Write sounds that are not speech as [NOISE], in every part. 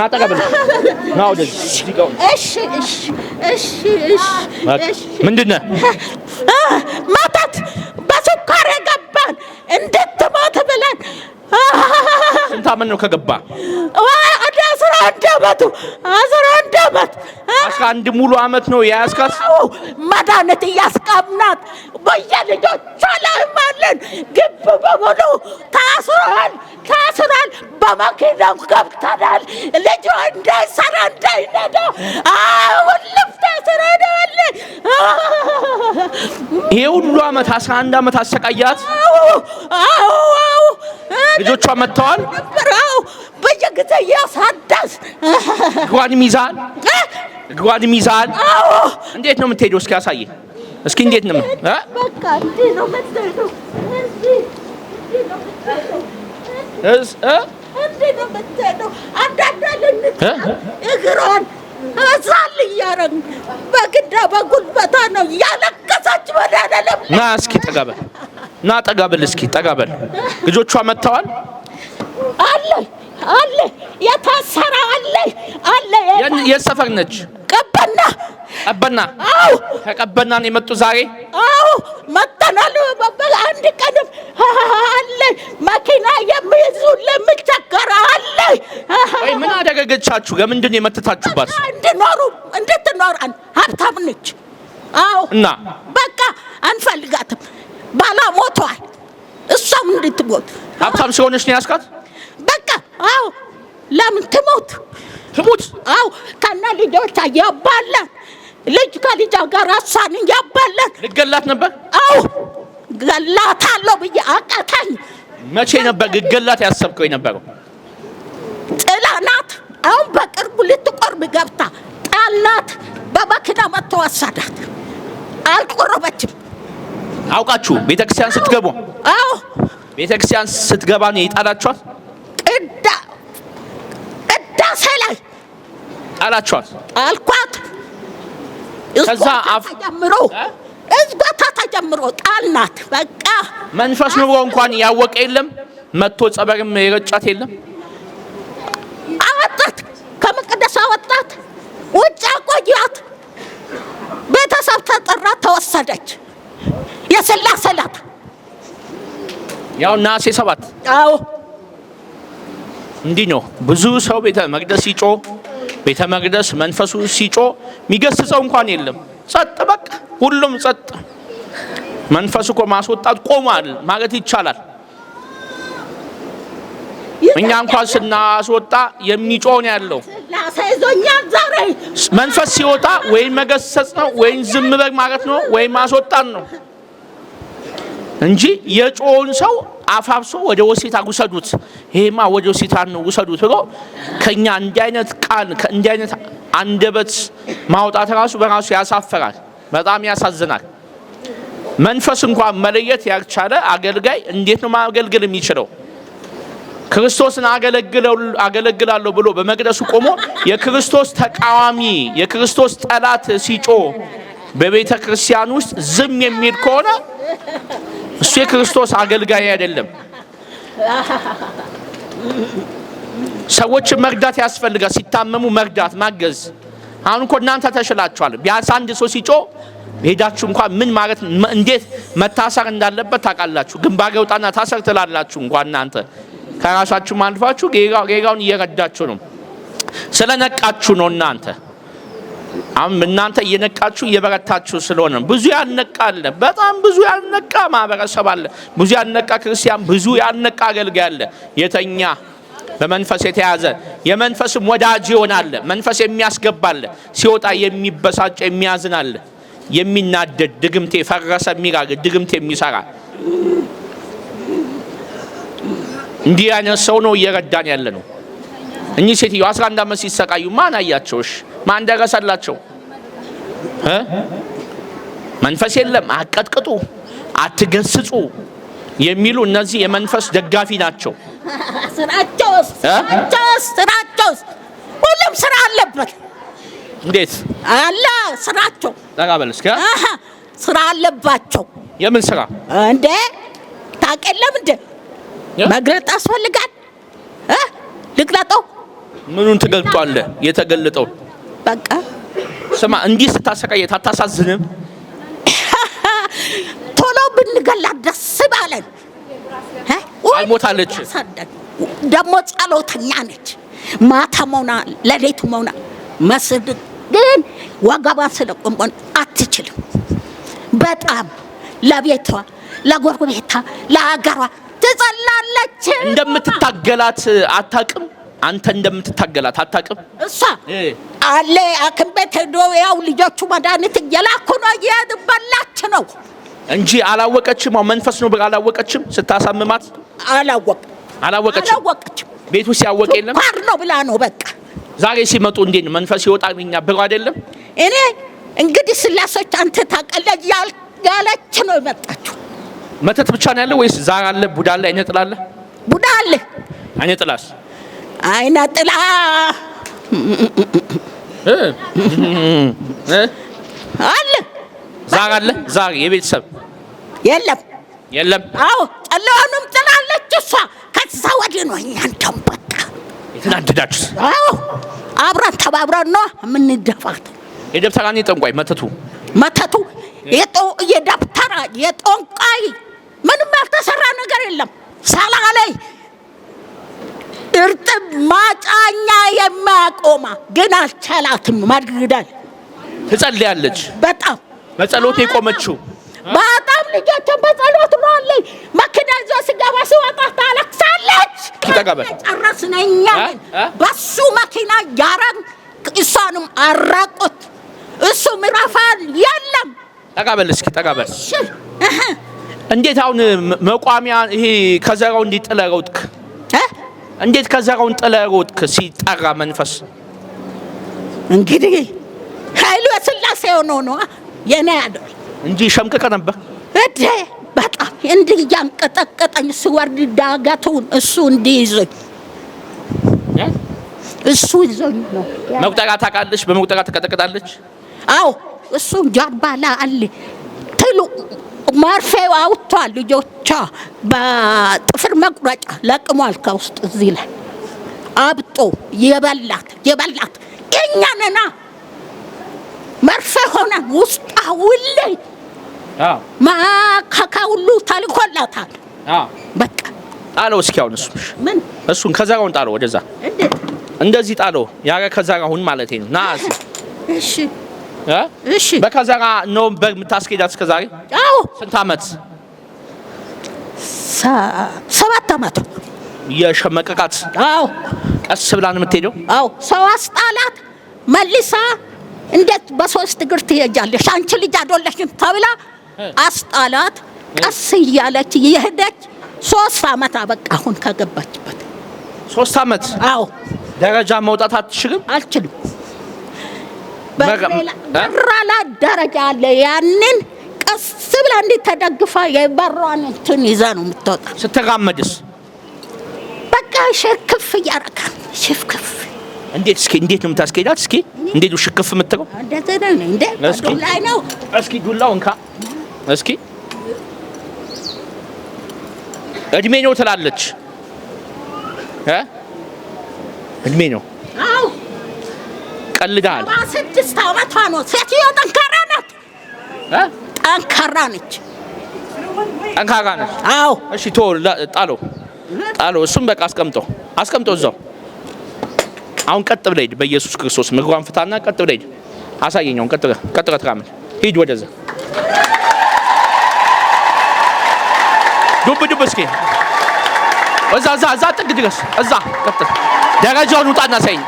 ና ጠገብን ና ወደዚህ እሺ እሺ እሺ እሺ እሺ ምንድን ነህ መተት በስኳር የገባን እንድትሞት ብለን ስንት አመት ነው ከገባ አስራ አንድ ዓመቱ አስራ አንድ ዓመት አስራ አንድ ሙሉ ዓመት ነው የያዝካት። መድኃኒት እያስቃምናት በየልጆቿ ላይም አለን። ግብ በሙሉ ታስሯል፣ ታስሯል። በመኪናው ገብተናል። ልጇ እንዳይሰራ እንዳይነዳ አሁን ልፍታ ይሄ ሁሉ ዓመት አስራ አንድ ዓመት አሰቃያት። ልጆቿ መጥተዋል። ጊዜ እያሳዳስ ጓድ ሚዛን ጓድ ሚዛን። አዎ፣ እንዴት ነው የምትሄደው? እስኪ አሳየ። እስኪ እንዴት ነው በቃ እንዲህ ነው የምትሄደው? እንዲህ ነው አንዳንዳለን እግሯን እያረግ በግዳ በጉልበታ ነው እያለቀሰች መድኃኒዓለም ና እስኪ ጠጋበል፣ ና ጠጋበል፣ እስኪ ጠጋበል። ልጆቿ መጥተዋል አለ፣ የታሰረ አለ አለ። የት ነች? ቀበና ቀበና። አዎ ከቀበና ነው የመጡ ዛሬ። አዎ አንድ ቀን አለ መኪና የሚይዙልን ምን ቸገረ አለ። ምን አደረገቻችሁ? ለምንድን የመተታችሁባት? እንድኖሩ እንድትኖረን ሀብታም ነች። አዎ እና በቃ አንፈልጋትም። ባላ ሞተዋል፣ እሷም እንድትሞት ሀብታም ስለሆነች ነው ያስቃት በቃ አዎ፣ ለምን ትሞት ትሞት? አዎ፣ ከነ ልጆች ያባላል። ልጅ ከልጃ ጋር አሳንን ያባላል። ልገላት ነበር። አዎ፣ ገላታለሁ ብዬ አቃታኝ። መቼ ነበር ግገላት ያሰብከው የነበረው? ጥላ አሁን በቅርቡ ልትቆርብ ገብታ ጣላት። በመኪና መጥቶ ወሰዳት። አልቆረበችም። አውቃችሁ ቤተክርስቲያን ስትገቡ? አዎ ቤተክርስቲያን ስትገባ ነው የጣላችኋት? ቅዳሴ ላይ ጣላችኋት ጣልኳት። ከዛ ተጀምሮ እዝጎታ ተጀምሮ ጣልናት። በቃ መንፈስ ኑሮ እንኳን ያወቀ የለም መቶ ጸበርም የረጫት የለም። አወጣት፣ ከመቅደስ አወጣት፣ ውጭ አቆያት። ቤተሰብ ተጠራ፣ ተወሰደች። የስላሴ ዕለት ያው ነሐሴ ሰባት አዎ እንዲህ ነው። ብዙ ሰው ቤተ መቅደስ ሲጮ ቤተ መቅደስ መንፈሱ ሲጮ የሚገስጸው እንኳን የለም። ጸጥ በቃ ሁሉም ጸጥ። መንፈሱ እኮ ማስወጣት ቆሟል ማለት ይቻላል። እኛ እንኳን ስናስወጣ የሚጮን ያለው። መንፈስ ሲወጣ ወይም መገሰጽ ነው ወይም ዝም በግ ማለት ነው ወይም ማስወጣን ነው እንጂ የጮውን ሰው አፋብሶ ወደ ወሴት አጉሰዱት ይሄማ ወደ ሲታን ነው ውሰዱት ብሎ ከኛ እንዲህ አይነት ቃል ከእንዲህ አይነት አንደበት ማውጣት ራሱ በራሱ ያሳፈራል፣ በጣም ያሳዝናል። መንፈስ እንኳን መለየት ያልቻለ አገልጋይ እንዴት ነው ማገልገል የሚችለው? ክርስቶስን አገለግላለሁ ብሎ በመቅደሱ ቆሞ የክርስቶስ ተቃዋሚ የክርስቶስ ጠላት ሲጮ በቤተ ክርስቲያን ውስጥ ዝም የሚል ከሆነ እሱ የክርስቶስ አገልጋይ አይደለም። ሰዎች መርዳት ያስፈልጋል። ሲታመሙ መርዳት፣ ማገዝ። አሁን እኮ እናንተ ተሽላችኋል። ቢያንስ አንድ ሰው ሲጮ ሄዳችሁ እንኳን ምን ማለት እንዴት መታሰር እንዳለበት ታውቃላችሁ። ግንባር ውጣና ታሰር ትላላችሁ። እንኳን እናንተ ከራሳችሁ አልፋችሁ ሌላውን እየረዳችሁ ነው። ስለነቃችሁ ነው እናንተ አሁን እናንተ እየነቃችሁ እየበረታችሁ ስለሆነ ብዙ ያነቃ አለ። በጣም ብዙ ያነቃ ማህበረሰብ አለ። ብዙ ያነቃ ክርስቲያን፣ ብዙ ያነቃ አገልጋይ አለ። የተኛ በመንፈስ የተያዘ የመንፈስም ወዳጅ ይሆናል። መንፈስ የሚያስገባለ ሲወጣ የሚበሳጭ የሚያዝናለ የሚናደድ ድግምቴ ፈረሰ የሚራግ ድግምቴ የሚሰራ እንዲህ አይነት ሰው ነው እየረዳን ያለ ነው። እኚህ ሴትዮ 11 ዓመት ሲሰቃዩ ማን አያቸውሽ? ማን ደረሰላቸው? መንፈስ የለም አቀጥቅጡ፣ አትገስጹ የሚሉ እነዚህ የመንፈስ ደጋፊ ናቸው። ስራቸውስ ሁሉም ስራ አለበት። እንዴት አለ ስራቸው? ጠቃበል እስከ ስራ አለባቸው። የምን ስራ እንዴ? ታውቅ የለም እንደ መግለጥ ያስፈልጋል። ልግለጠው ምኑን ትገልጧለህ? የተገለጠው በቃ ስማ፣ እንዲህ ስታሰቃየት አታሳዝንም? [LAUGHS] ቶሎ ብንገላት ደስ ባለን። አልሞታለች ደግሞ ጸሎተኛ ነች። ማታ መሆና ለሌቱ መሆና መስድ ግን ወገቧን ስለቆመን አትችልም። በጣም ለቤቷ ለጎረቤቷ፣ ለሀገሯ ትጸላለች። እንደምትታገላት አታውቅም። አንተ እንደምትታገላት አታውቅም። እሷ አለ አክም ቤት ሄዶ ያው ልጆቹ መድኃኒት እየላኩ ነው እየበላች ነው እንጂ አላወቀችም። አዎ መንፈስ ነው ብላ አላወቀችም። ስታሳምማት አላወቀችም። ቤት ውስጥ ያወቀ የለም ፓር ነው ብላ ነው በቃ። ዛሬ ሲመጡ እንዴ ነው መንፈስ ይወጣልኛ ብሎ አይደለም። እኔ እንግዲህ ስላሶች አንተ ታውቃለህ ያለች ነው የመጣችው። መተት ብቻ ነው ያለ ወይስ ዛር አለ? ቡዳ አለ? አይነ አለ? ቡዳ አለ። አይነጥላስ አይነ ጥላ አለ ዛር አለ ዛር የቤተሰብ የለም የለም። አዎ ጨለዋንም ጥላለች እሷ። ከዛ ወዲህ ነው እኛን ተንበቃ የተናደዳችሁት? አዎ አብረን ተባብረን ነው የምንደፋት። የደብተራኔ ጠንቋይ መተቱ መተቱ የደብተራ የጠንቋይ ምንም ያልተሰራ ነገር የለም ሳላ ላይ እርጥብ ማጫኛ የማያቆማ ግን አልቻላትም ማድግዳል ትጸልያለች። በጣም በጸሎት የቆመችው በጣም ልጆችን በጸሎት ነው መኪና ይዞ ስገባ ስወጣ ታለቅሳለች። ጨረስን በሱ መኪና ያረን እሷንም አራቁት። እሱ ምራፋል የለም። ጠጋበል እስኪ ጠጋበል። እንዴት አሁን መቋሚያ ይሄ ከዘራው እንዲጥለረውጥክ እንዴት ከዘራውን ጥለህ ሮጥክ? ሲጠራ መንፈስ እንግዲህ ኃይሉ ስላሴ ሆኖ ነው የኔ ያደር እንጂ ሸምቅቀ ነበር እዴ በጣም እንዲህ እያንቀጠቀጠኝ ስወርድ ዳገቱን እሱ እንዲይዘኝ እሱ ይዞኝ ነው። መቁጠሪያ ታውቃለች። በመቁጠሪያ ትቀጠቅጣለች። አዎ እሱ ጀርባ ላይ አለ ትሉ መርፌው አውጥቷል። ልጆቿ በጥፍር መቁረጫ ለቅሟል። ከውስጥ እዚህ ላይ አብጦ የበላት የበላት እኛ ነና መርፌ ሆነን ውስጣ ውሌ ማካካ ሁሉ ተልኮላታል። በቃ ጣለው። እስኪ አሁን እሱ ምን እሱን ከዛ ከዛራውን ጣለው፣ ወደዛ እንደዚህ ጣለው። ያረ ጋሁን ማለት ነው። ና እሺ እሺ። በከዘራ ነው የምታስኬዳት እስከ ዛሬ? አዎ። ስንት ዓመት? ሰባት ዓመት። የሸመቀቃት? አዎ። ቀስ ብላን የምትሄደው? አዎ። ሰው አስጣላት መልሳ እንዴት በሶስት እግር ትሄጃለሽ አንቺ ልጅ አይደለሽም ተብላ አስጣላት። ቀስ እያለች የሄደች ሶስት ዓመት አበቃ። አሁን ከገባችበት ሶስት ዓመት። አዎ። ደረጃ መውጣት አትችልም? አልችልም። በራላ ደረጃ አለ። ያንን ቀስ ብላ እንዲተደግፋ የበሯን እንትን ይዛ ነው የምትወጣ። ስትራመድስ በቃ ሽክፍ እያረካ ሽክፍ እንዴት እስኪ እንዴት ነው የምታስኬዳት? እስኪ እንዴት ሽክፍ የምትለው ላይ ነው። እስኪ ዱላው እንካ እስኪ እድሜ ነው ትላለች። እድሜ ነው ቀልዳል። ስድስት ዓመቷ ነው። ሴትዮ ጠንካራ ናት፣ ጠንካራ ነች፣ ጠንካራ ነች። አዎ፣ እሺ፣ ቶ ጣሎ፣ ጣሎ። እሱም በቃ አስቀምጦ፣ አስቀምጦ እዛው። አሁን ቀጥ ብለህ ሂድ፣ በኢየሱስ ክርስቶስ ምግቧን ፍታና ቀጥ ብለህ ሂድ። አሳየኝ። ቀጥ ብለህ ቀጥ ብለህ ትራመድ፣ ሂድ ወደዛ። ዱብ ዱብ እስኪ እዛ እዛ እዛ ጥግ ድረስ እዛ ቀጥ ደረጃውን ውጣና አሳየኝ።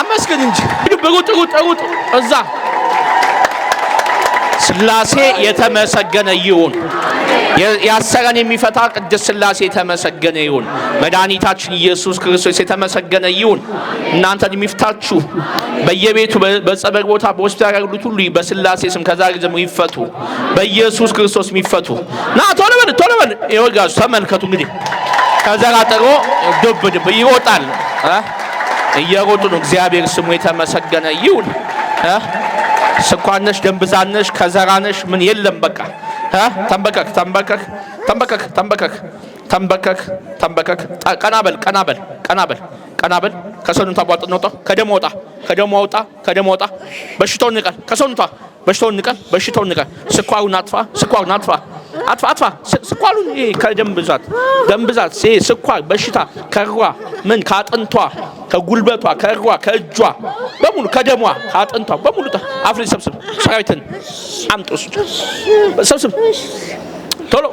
አመስግን እንጂ እዛ ስላሴ የተመሰገነ ይሁን። ያሰረን የሚፈታ ቅድስት ስላሴ የተመሰገነ ይሁን። መድኃኒታችን ኢየሱስ ክርስቶስ የተመሰገነ ይሁን። እናንተን የሚፍታችሁ በየቤቱ በጸበል ቦታ፣ በሆስፒታል ያሉት ሁሉ በስላሴ ስም ከዛሬ ጀምሮ ይፈቱ፣ በኢየሱስ ክርስቶስ የሚፈቱ ና ቶሎ በል ቶሎ በል። ተመልከቱ እንግዲህ ከዘራ ጥሮ እየሮጡ ነው። እግዚአብሔር ስሙ የተመሰገነ ይሁን። ስኳነሽ፣ ደንብዛነሽ፣ ከዘራነሽ ምን የለም። በቃ ተንበከክ ተንበከክ ተንበከክ ተንበከክ ተንበከክ ተንበከክ። ቀና በል ቀና በል ቀና በል ቀና በል። ከሰውነቷ ቧጥ ወጣ። ከደሞ ወጣ ከደሞ ወጣ ከደሞ ወጣ። በሽታውን ይቀር ከሰውነቷ በሽታውን ንቀ፣ በሽታውን ንቀ፣ ስኳሩን አጥፋ፣ ስኳሩን አጥፋ፣ አጥፋ፣ አጥፋ ስኳሩን። ይሄ ከደም ብዛት ደም ብዛት ይሄ ስኳር በሽታ ከሯ ምን ከአጥንቷ ከጉልበቷ ከእሯ ከእጇ በሙሉ ከደሟ ከአጥንቷ በሙሉ አፍሪ ሰብስብ፣ ሰራዊትን አምጥ፣ ሰብስብ፣ ቶሎ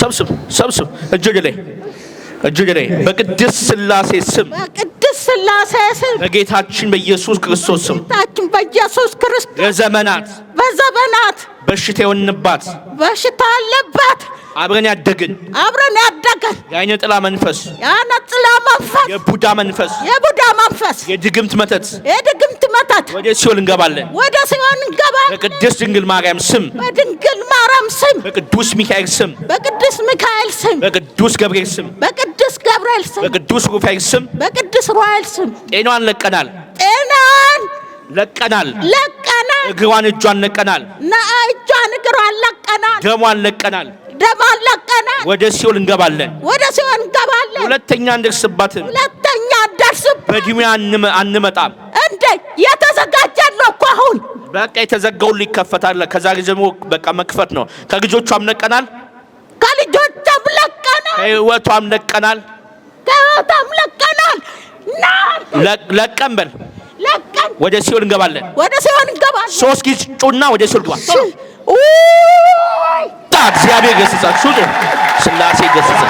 ሰብስብ፣ ሰብስብ እጅግ ላይ እጅግ ነኝ በቅድስት ሥላሴ ስም በቅድስት ስላሴ ስም በጌታችን በኢየሱስ ክርስቶስ ስም በጌታችን በኢየሱስ ክርስቶስ ለዘመናት በዘበናት በሽታ የሆንባት በሽታ አለባት አብረን ያደግን አብረን ያደግን የአይነ ጥላ መንፈስ የአይነ ጥላ መንፈስ የቡዳ መንፈስ የቡዳ መንፈስ የድግምት መተት የድግምት መተት ወደ ሲኦል እንገባለን ወደ ሲኦል እንገባለን። በቅድስት ድንግል ማርያም ስም በድንግል ማርያም ስም በቅዱስ ሚካኤል ስም በቅዱስ ሚካኤል ስም በቅዱስ ገብርኤል ስም በቅዱስ ገብርኤል ስም በቅዱስ ሩፋኤል ስም በቅዱስ ሩፋኤል ስም ጤናዋን ለቀናል። ጤናን ለቀናል። እግሯን እጇን ለቀናል። ና እጇን እግሯን ለቀናል። ደሟን ለቀናል። ደሟን ለቀናል። ወደ ሲኦል እንገባለን። ወደ ሲኦል እንገባለን። ሁለተኛ እንደርስባትም ሁለተኛ እንደርስባት በእድሜያ አንመጣም። እንዴ የተዘጋጀን እኮ አሁን በቃ የተዘጋው ይከፈታል። ከዛ ጀምሮ በቃ መክፈት ነው። ከልጆቿም ለቀናል። ከልጆቿም ለቀናል። ከህይወቷም ለቀናል። ከህይወቷም ለቀናል። ለቀን በል ቀን ወደ ሲኦል እንገባለን። ወደ ሲኦል እንገባለን። ሶስት ጊዜ ጩና ወደ ሲኦል ግባ። እግዚአብሔር ገስጻችሁ ስላሴ ገስጻ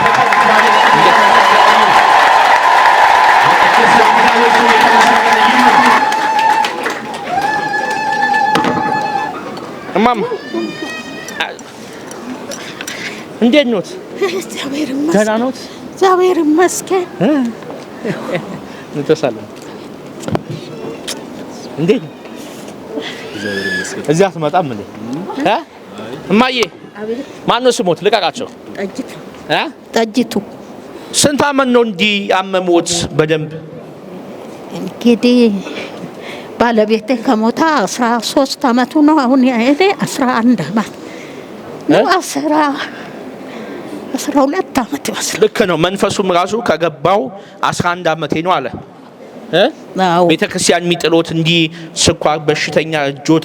እንዴት ኖት? ደህና ኖት? እግዚአብሔር ይመስገን። እንተሳለን እንዴት ነው? እዚህ አትመጣም እንዴ? እማዬ ማነው ስሞት? ልቀቃቸው። ጠጅቱ ስንት አመት ነው እንዲህ አመሞት? በደንብ እንግዲህ ባለቤቴ ከሞታ አስራ ሶስት አመቱ ነው። አሁን እኔ አስራ አንድ አመት ነው አስራ አስራ ሁለት አመት ይመስላል። ልክ ነው። መንፈሱም ራሱ ከገባው አስራ አንድ አመቴ ነው አለ ቤተ ክርስቲያን የሚጥሎት እንዲህ ስኳር በሽተኛ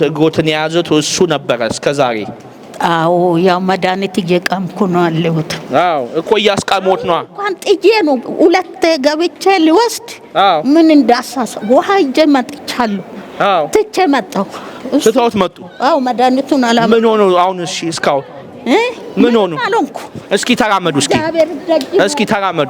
እግሮትን የያዘት እሱ ነበረ እስከ ዛሬ። አዎ ያው መድኃኒት እየቀምኩ ነው አለሁት። አዎ እኮ እያስቀሞት ነው። እንኳን ጥዬ ነው ሁለት ገብቼ ልወስድ ምን እንዳሳሰ ውሃ ይዤ መጥቻለሁ። አዎ ትቼ መጣሁ። ትተውት መጡ። አዎ መድኃኒቱን አላ ምን ሆኖ አሁን እሺ እስካሁን ምን ሆኖ? እስኪ ተራመዱ፣ እስኪ እስኪ ተራመዱ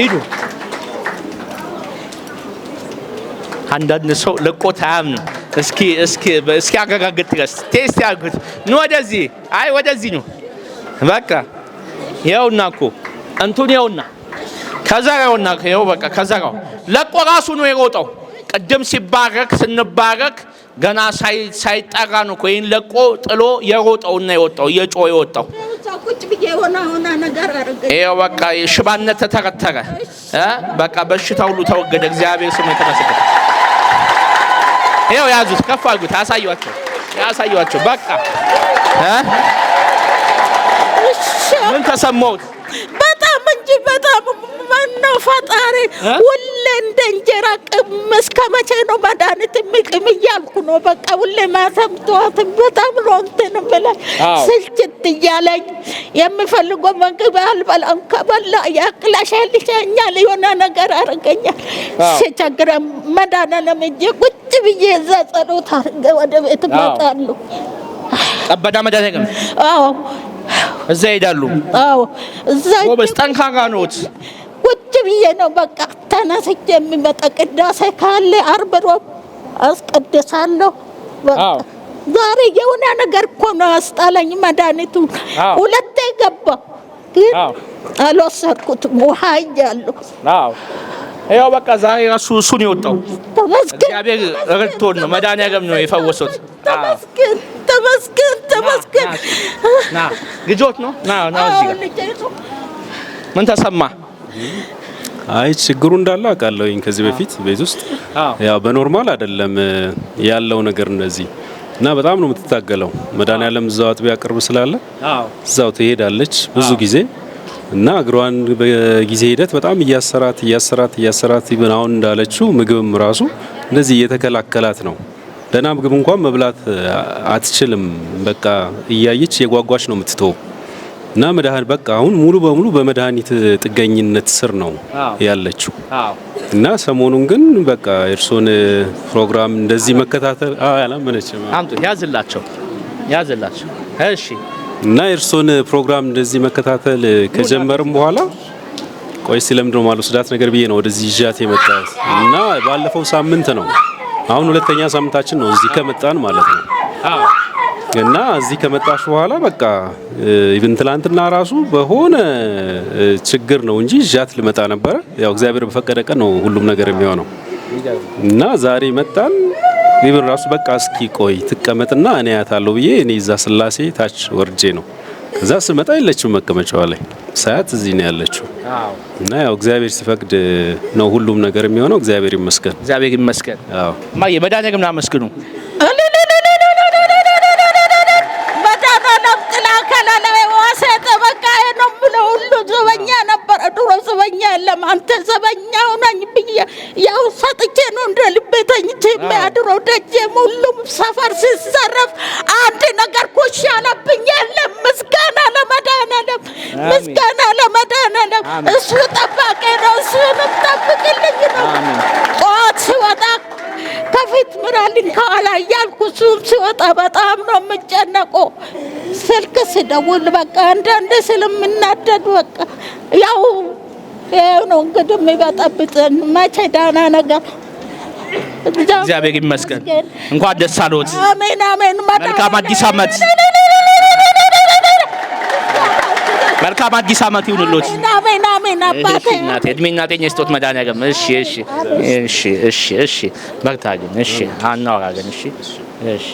ሂዱ። አንዳንድ ሰው ለቆት አያምንም። እስኪ እስኪ እስኪ አረጋግጥ ድረስ ቴስት ያርጉት። ኑ ወደዚህ፣ አይ ወደዚህ ነው። በቃ ይኸውና እኮ እንቱን ይኸውና፣ ከዘራውና ይኸው በቃ ከዘራው ለቆ ራሱ ነው የሮጠው። ቅድም ሲባረክ ስንባረክ ገና ሳይጠጋ ነው እኮ ለቆ ጥሎ የሮጠው እና የወጣው የጮ የወጣው። ይሄ በቃ ሽባነት ተተረተረ። በቃ በሽታ ሁሉ ተወገደ። እግዚአብሔር ስሙ የተመሰገነ። ይኸው ያዙት፣ ከፍ አድርጉት፣ ያሳዩቸው፣ ያሳዩቸው። በቃ ምን ተሰማሁት? በጣም እንጂ በጣም ማነው ፈጣሪ ሁሌ እንደኝ አላቅም። እስከ መቼ ነው መድኃኒት የሚቅም እያልኩ ነው። በቃ ሁሌ ማሰምተዋትን በጣም ነው እንትን ብላኝ ስልችት እያለኝ የምፈልገው ምግብ አልበላም። ከበላ ያቅላሻልሻኛል፣ የሆነ ነገር አርገኛል። ሲቸግረ መድኃኒዓለም እጄ ቁጭ ብዬ እዛ ጸሎት አርገ ወደ ቤት መጣሉ ጠበዳ መድኃኒዓለም አዎ፣ እዛ ይሄዳሉ። አዎ፣ እዛ ጠንካራ ነዎት። ቁጭ ብዬ ነው በቃ ተነስቼ የሚመጣ ቅዳሴ ካለ አርብ ሮብ አስቀድሳለሁ። ዛሬ የሆነ ነገር እኮ ነው አስጣለኝ። መድኃኒቱ ሁለቴ ገባ ግን አልወሰድኩትም። ውሃ እያለሁ ያው በቃ ዛሬ ራሱ እሱን የወጣው እግዚአብሔር ረድቶን ነው። መድኃኒዓለም ነው የፈወሱት። ተመስገን ተመስገን ተመስገን። ግጆት ነው ምን ተሰማ? አይ ችግሩ እንዳለ አውቃለሁኝ ከዚህ በፊት ቤት ውስጥ ያው በኖርማል አይደለም ያለው ነገር እንደዚህ እና በጣም ነው የምትታገለው። መድኃኒዓለም እዛው አጥቢያ ቅርብ ስላለ እዛው ትሄዳለች ብዙ ጊዜ እና እግሯን በጊዜ ሂደት በጣም እያሰራት እያሰራት እያሰራት ይብን አሁን እንዳለችው ምግብም ራሱ እንደዚህ እየተከላከላት ነው። ደህና ምግብ እንኳን መብላት አትችልም። በቃ እያየች የጓጓች ነው የምትተው እና መድኃኒት በቃ አሁን ሙሉ በሙሉ በመድኃኒት ጥገኝነት ስር ነው ያለችው እና ሰሞኑን ግን በቃ የእርሶን ፕሮግራም እንደዚህ መከታተል አላመነችም። አምጡ፣ ያዝላቸው ያዝላቸው። እሺ። እና የእርሶን ፕሮግራም እንደዚህ መከታተል ከጀመርም በኋላ ቆይ ስለምንድነው የማልወስዳት ነገር ብዬ ነው ወደዚህ ይዣት የመጣሁት እና ባለፈው ሳምንት ነው። አሁን ሁለተኛ ሳምንታችን ነው እዚህ ከመጣን ማለት ነው። አዎ እና እዚህ ከመጣሽ በኋላ በቃ ኢቭን ትላንትና ራሱ በሆነ ችግር ነው እንጂ እዣት ልመጣ ነበረ። ያው እግዚአብሔር በፈቀደ ቀን ነው ሁሉም ነገር የሚሆነው እና ዛሬ መጣን። ኢቭን ራሱ በቃ እስኪ ቆይ ትቀመጥና እኔ ያታለሁ ብዬ እኔ እዛ ስላሴ ታች ወርጄ ነው ከዛ ስመጣ የለችም መቀመጫዋ ላይ ሳያት እዚህ ነው ያለችው። እና ያው እግዚአብሔር ሲፈቅድ ነው ሁሉም ነገር የሚሆነው። እግዚአብሔር ይመስገን፣ እግዚአብሔር ይመስገን። አዎ ማየ የመዳን ነገር ምናምን የለም። አንተ ዘበኛው ነኝ ብዬ ያው ሰጥቼ ነው እንደ ልቤ ተኝቼ የሚያድረው። ደጄም ሁሉም ሰፈር ሲዘረፍ አንድ ነገር ኮሽ ያለብኝ የለም። ምስጋና ለመድኃኒዓለም፣ ምስጋና ለመድኃኒዓለም። እሱ ጠባቂ ነው። እሱ ጠብቅልኝ ነው ጠዋት ሲወጣ ከፊት ምራልኝ ከኋላ እያልኩ እሱም ሲወጣ በጣም ነው የምጨነቀው። ስልክ ስደውል በቃ አንዳንድ ስልም እናደድ በቃ ያው ይኸው ነው እንግዲህ የሚበጠብጥን። መቼ ዳና ነገር እግዚአብሔር ይመስገን። እንኳን ደስ አለዎት። አሜን አሜን። መልካም አዲስ ዓመት መልካም አዲስ ዓመት ይሁንልዎት። አሜን አሜን። አባቴ እናቴ እድሜና ጤና ይስጦት መድኃኒዓለም። እሺ እሺ እሺ እሺ እሺ። በርታ ግን። እሺ አናወራ ግን። እሺ እሺ